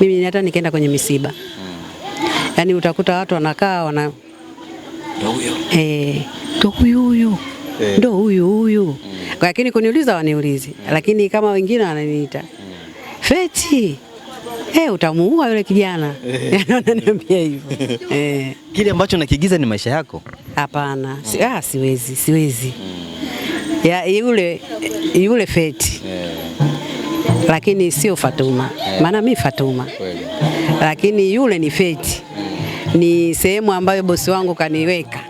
Mimi hata nikaenda kwenye misiba yaani utakuta watu wanakaa wana ndo huyo eh, ndo huyu huyu eh, ndo huyu huyu mm. Lakini kuniuliza waniulizi mm. Lakini kama wengine wananiita mm. Feti eh, utamuua yule kijana eh. yaani ananiambia hivyo eh. Kile ambacho nakiigiza ni maisha yako? Hapana mm. Si, ah, siwezi siwezi mm. ya yule yule Feti yeah lakini sio Fatuma, maana mi Fatuma, lakini yule ni feti, ni sehemu ambayo bosi wangu kaniweka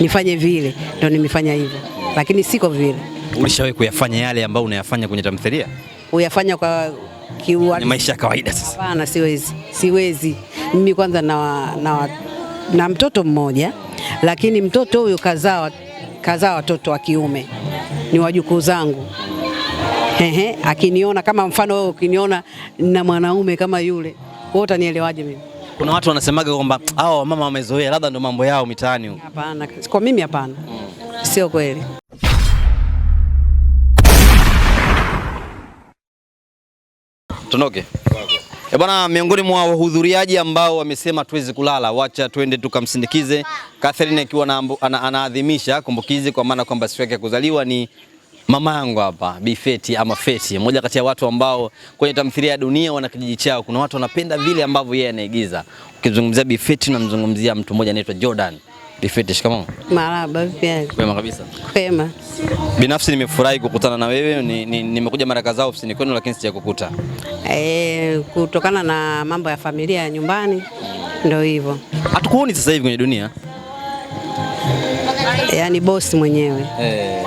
nifanye vile, ndo nimefanya hivyo, lakini siko vile. Ulishawahi kuyafanya yale ambayo unayafanya kwenye tamthilia, uyafanya kwa ni maisha ya kawaida? Sasa hapana, siwezi, siwezi mimi. Kwanza na, na, na mtoto mmoja, lakini mtoto huyu kazaa kazaa watoto wa kiume, ni wajukuu zangu Ehe, akiniona kama mfano wewe ukiniona na mwanaume kama yule, wewe utanielewaje mimi? Kuna watu wanasemaga kwamba hao wamama wamezoea, labda ndo mambo yao mitaani huko. Hapana, kwa mimi hapana, mm. Sio kweli. Tunoke. E eh, bwana, miongoni mwa wahudhuriaji ambao wamesema tuwezi kulala, wacha twende tukamsindikize Catherine akiwa anaadhimisha kumbukizi, kwa maana kwamba siku yake ya kuzaliwa ni mama yangu hapa Bi Feti ama Feti, mmoja kati ya watu ambao kwenye tamthilia ya Dunia wana kijiji chao, kuna watu wanapenda vile ambavyo yeye anaigiza. Ukizungumzia Bi Feti unamzungumzia mtu mmoja anaitwa Jordan. Bi Feti, shikamoo. Marhaba, vipi? Kwema kabisa. Kwema. Binafsi nimefurahi kukutana na wewe, nimekuja ni, ni mara kadhaa ofisini kwenu lakini sijakukuta. Eh, kutokana na mambo ya familia ya nyumbani ndio hivyo. Hatukuoni sasa hivi kwenye Dunia yani yaani bosi mwenyewe hey. Eh.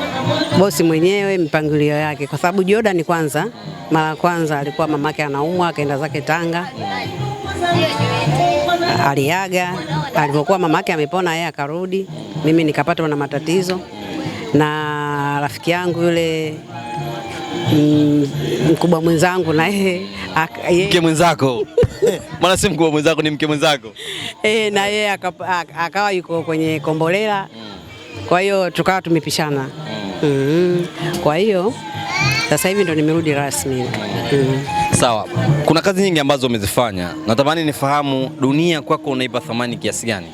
Bosi mwenyewe mipangilio yake, kwa sababu Jordan kwanza, mara ya kwanza alikuwa mamake anaumwa akaenda zake Tanga, mm. aliaga. Alipokuwa mamake amepona, yeye akarudi, mimi nikapatwa na matatizo na rafiki yangu yule mm, mkubwa mwenzangu na yeye mke mwenzako maana si mkubwa mwenzako, ni mke mwenzako eh, na yeye akawa yuko kwenye kombolela mm kwa hiyo tukawa tumepishana mm. Kwa hiyo sasa hivi ndo nimerudi rasmi mm. Sawa, kuna kazi nyingi ambazo umezifanya, natamani nifahamu dunia kwako unaipa thamani kiasi gani?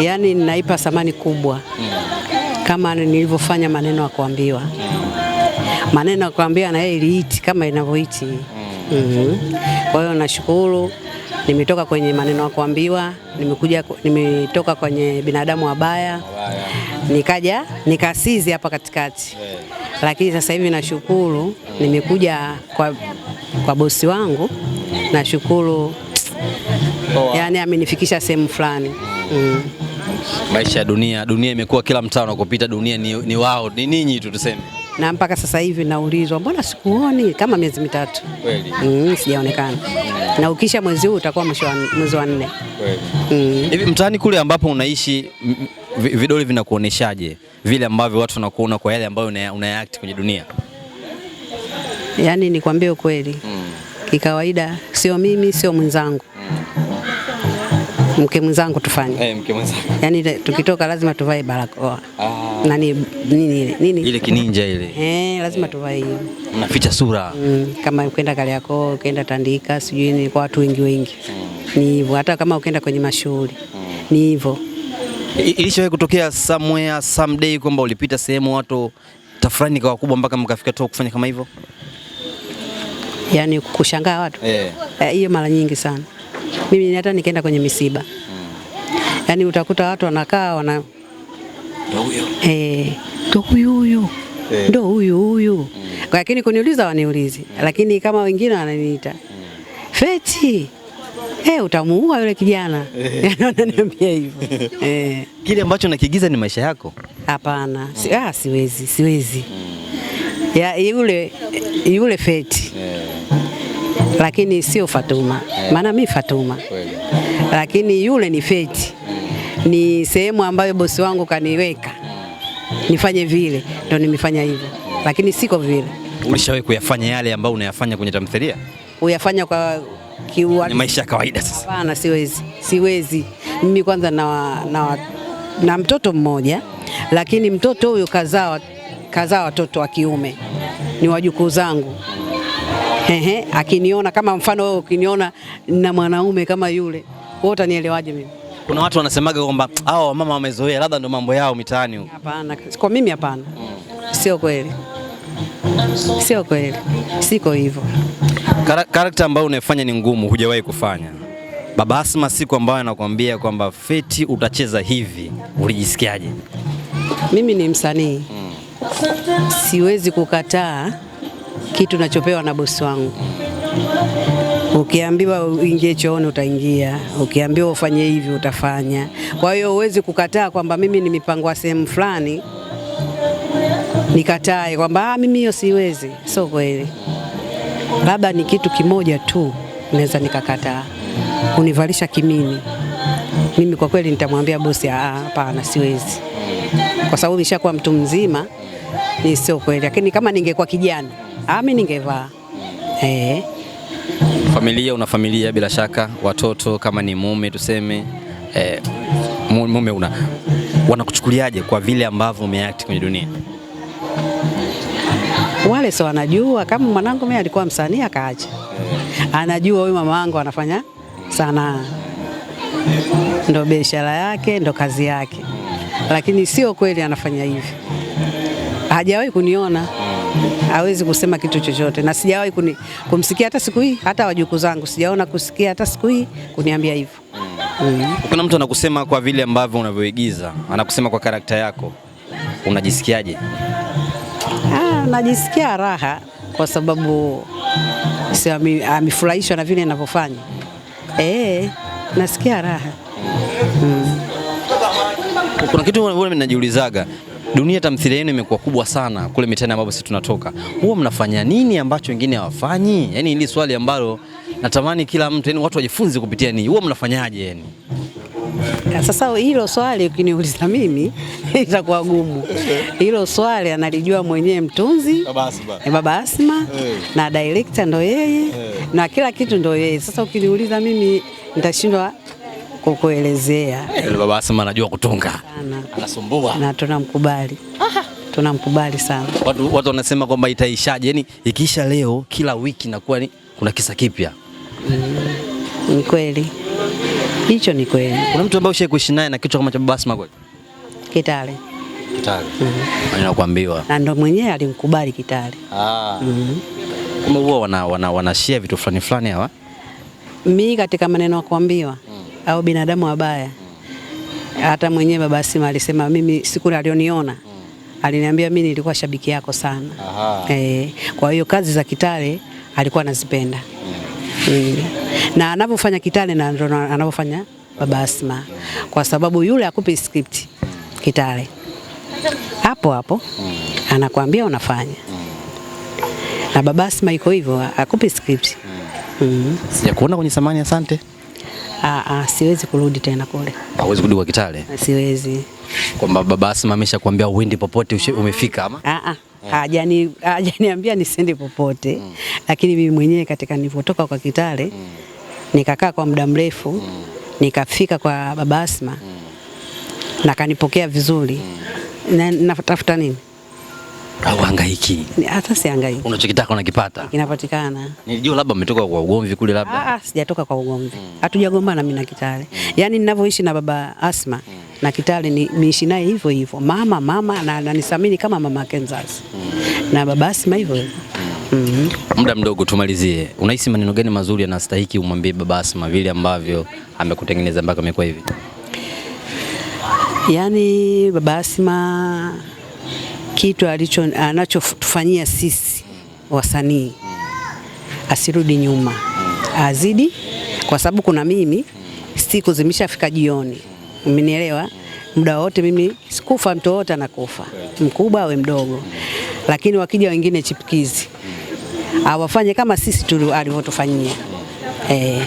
Yaani ninaipa thamani kubwa mm. Kama nilivyofanya maneno ya kuambiwa mm. maneno ya kuambiwa na yeye iliiti kama inavyoiti mm. mm -hmm. Kwa hiyo nashukuru nimetoka kwenye maneno ya kuambiwa, nimekuja nimetoka kwenye binadamu wabaya, nikaja nikasizi hapa katikati, lakini sasa hivi nashukuru, nimekuja kwa, kwa bosi wangu, nashukuru yani amenifikisha sehemu fulani mm. Maisha ya dunia, dunia imekuwa kila mtaa unakopita, dunia ni, ni wao ni ninyi tu tuseme na mpaka sasa hivi naulizwa, mbona sikuoni? Kama miezi mitatu mm, sijaonekana, na ukisha mwezi huu utakuwa mwezi wa nne mm. hivi. Mm. Mtaani kule ambapo unaishi vidole vinakuoneshaje vile ambavyo watu wanakuona kwa yale ambayo unayaakti kwenye dunia? Yaani nikwambie ukweli mm. Kikawaida sio mimi, sio mwenzangu mm. mke mwenzangu tufanye hey, eh, mke mwenzangu. Yani tukitoka lazima tuvae barakoa ah. Nani nini nini ile kininja ile eh, lazima tuvae hiyo. Unaficha sura mm, kama ukienda Kariakoo ukenda Tandika sijui ni kwa watu wengi wengi ni hivyo, hata kama ukenda kwenye mashughuli ni hivyo. Ilishawahi kutokea somewhere someday kwamba ulipita sehemu watu tafrani kwa wakubwa mpaka mkafika tu kufanya kama hivyo, yaani kushangaa watu eh. Eh, hiyo eh. mara nyingi sana mimi hata nikaenda kwenye misiba mm. yaani utakuta watu wanakaa wana eh ndo huyu huyu eh, ndo huyu huyu mm. Lakini kuniuliza waniulizi mm. Lakini kama wengine wananiita mm. Feti eh, utamuua yule kijana eh. ananiambia hivyo eh. Kile ambacho nakiigiza ni maisha yako? Hapana mm. Si, ah, siwezi siwezi mm. ya, yule, yule Feti yeah. Lakini sio Fatuma yeah. Maana mi Fatuma well. Lakini yule ni Feti mm. Ni sehemu ambayo bosi wangu kaniweka nifanye vile, ndio nimefanya hivyo, lakini siko vile. Ulishawahi kuyafanya yale ambayo unayafanya kwenye tamthilia? Uyafanya kwa kiwa maisha ya kawaida sasa? Hapana, siwezi, siwezi mimi. Kwanza na, na, na mtoto mmoja, lakini mtoto huyo kazaa kazaa watoto wa kiume, ni wajukuu zangu. Ehe, akiniona kama mfano wewe ukiniona na mwanaume kama yule, wewe utanielewaje mimi? Kuna watu wanasemaga kwamba hao wamama wamezoea, labda ndo mambo yao mitaani huko. Hapana, kwa mimi hapana, sio kweli, sio kweli, siko hivyo. Karakta ambayo unaifanya ni ngumu, hujawahi kufanya. Baba Asma siku ambayo anakuambia kwamba Feti utacheza hivi, ulijisikiaje? Mimi ni msanii mm. siwezi kukataa kitu nachopewa na bosi wangu Ukiambiwa uingie chooni utaingia, ukiambiwa ufanye hivi utafanya. Kwa hiyo huwezi kukataa kwamba mimi nimepangwa sehemu fulani nikatae kwamba ah, mimi hiyo siwezi. Sio kweli, labda ni kitu kimoja tu naweza nikakataa, kunivalisha kimini. Mimi kwa kweli nitamwambia bosi, ah, ah hapana, siwezi, kwa sababu nishakuwa mtu mzima. Ni sio kweli, lakini kama ningekuwa kijana, ah, mimi ningevaa eh Familia, una familia bila shaka, watoto, kama ni mume tuseme, eh, mume una, wanakuchukuliaje kwa vile ambavyo umeact kwenye dunia? Wale sio wanajua, kama mwanangu mimi alikuwa msanii akaacha, anajua huyu mama wangu anafanya sanaa, ndo biashara yake, ndo kazi yake, lakini sio kweli anafanya hivi, hajawahi kuniona hawezi kusema kitu chochote, na sijawahi kumsikia hata siku hii, hata wajuku zangu sijaona kusikia hata siku hii kuniambia hivyo. Mm. Kuna mtu anakusema kwa vile ambavyo unavyoigiza, anakusema kwa karakta yako, unajisikiaje? Ah, najisikia raha kwa sababu si amefurahishwa na vile ninavyofanya. Eh, nasikia raha. Mm. Kuna kitu najiulizaga dunia tamthilia yenu imekuwa kubwa sana kule mitaani ambapo sisi tunatoka, huwa mnafanya nini ambacho wengine hawafanyi? Yani hili swali ambalo natamani kila mtu, yani watu wajifunze kupitia ninyi, huwa mnafanyaje? Yani eh, sasa hilo swali ukiniuliza mimi itakuwa gumu. Hilo swali analijua mwenyewe mtunzi Baba Asma, eh, Baba Asma eh. na director ndo yeye na kila kitu ndo yeye. Sasa ukiniuliza mimi nitashindwa kukuelezea. baba Asma anajua kutunga Anasumbua na tunamkubali, tunamkubali sana. Watu watu wanasema kwamba itaishaje, Yaani ikiisha leo kila wiki nakuwa ni kuna kisa kipya. Mm, ni kweli hicho, ni kweli. Kuna mtu ambaye ushaikuishi naye na kichwa kama cha baba Asma kweli? Kitale Kitale. Mm -hmm. Yaani kuambiwa. Na ndo mwenyewe alimkubali Kitale. Ah. Mm Kama huwa wana, wana, wana share vitu fulani fulani hawa. Mimi katika maneno ya kuambiwa au binadamu wabaya. Hata mwenyewe baba Sima alisema mimi siku alioniona mm. aliniambia mimi nilikuwa shabiki yako sana. E, kwa hiyo kazi za Kitale alikuwa anazipenda mm. mm. na anavyofanya Kitale na ndio anavyofanya baba Asma, mm. kwa sababu yule akupi script Kitale hapo hapo anakuambia unafanya, na baba Asma iko hivyo, akupi script mm. Sijakuona kwenye samani, asante. Ah, ah, siwezi kurudi tena kule. Hauwezi kurudi kwa Kitale? Ah, siwezi. Kwamba baba Asma ameshakwambia uende popote umefika ama? ah. ah eh. hajani hajaniambia nisiende popote mm. Lakini mimi mwenyewe katika nilipotoka kwa Kitale mm. nikakaa kwa muda mrefu mm. nikafika kwa baba Asma mm. na kanipokea vizuri mm. na natafuta nini au hangaiki? Hata si hangaiki. Unachokitaka unakipata. Kinapatikana. Nilijua labda umetoka kwa ugomvi kule labda. Ah, ah sijatoka kwa ugomvi. Hmm. Hatujagombana mimi na Kitale. Hmm. Yaani ninavyoishi na baba Asma hmm. na Kitale ni miishi naye hivyo hivyo. Mama mama na ananisamini kama mama yake Na baba Asma hivyo hivyo. Mm -hmm. Muda mdogo tumalizie. Unahisi maneno gani mazuri anastahiki umwambie baba Asma vile ambavyo amekutengeneza mpaka amekuwa hivi? Yaani baba Asma kitu alicho anachotufanyia sisi wasanii, asirudi nyuma, azidi, kwa sababu kuna mimi siku zimeshafika jioni, umenielewa? Muda wote mimi sikufa, mtu wote anakufa, mkubwa awe mdogo, lakini wakija wengine chipukizi awafanye kama sisi tu alivyotufanyia. Eh,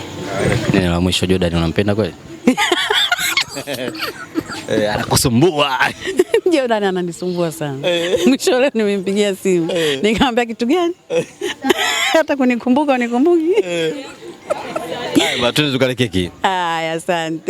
neno la mwisho, Jordan, unampenda kweli? eh, anakusumbua Jordan ananisumbua sana eh. Mwisho leo nimempigia simu eh, nikamwambia kitu gani eh. hata kunikumbuka unikumbuki eh. Haya, keki. Haya, asante.